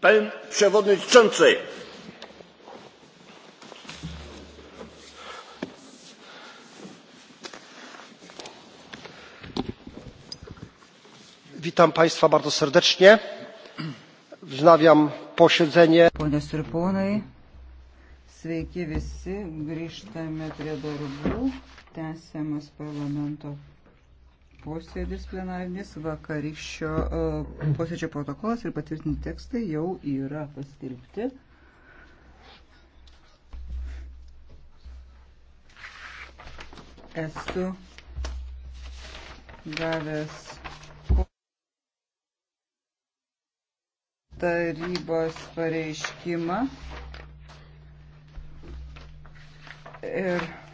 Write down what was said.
Panie Przewodniczący! Witam Państwa bardzo serdecznie. Wznawiam posiedzenie. Ponios ir ponai, sveiki visi, grįžtame prie darbų, tęsiamas parlamento posėdis plenarinis, vakarykščio e, posėdžio protokolas ir patvirtinti tekstai jau yra paskelbti. Esu gavęs tarybos pareiškimą ir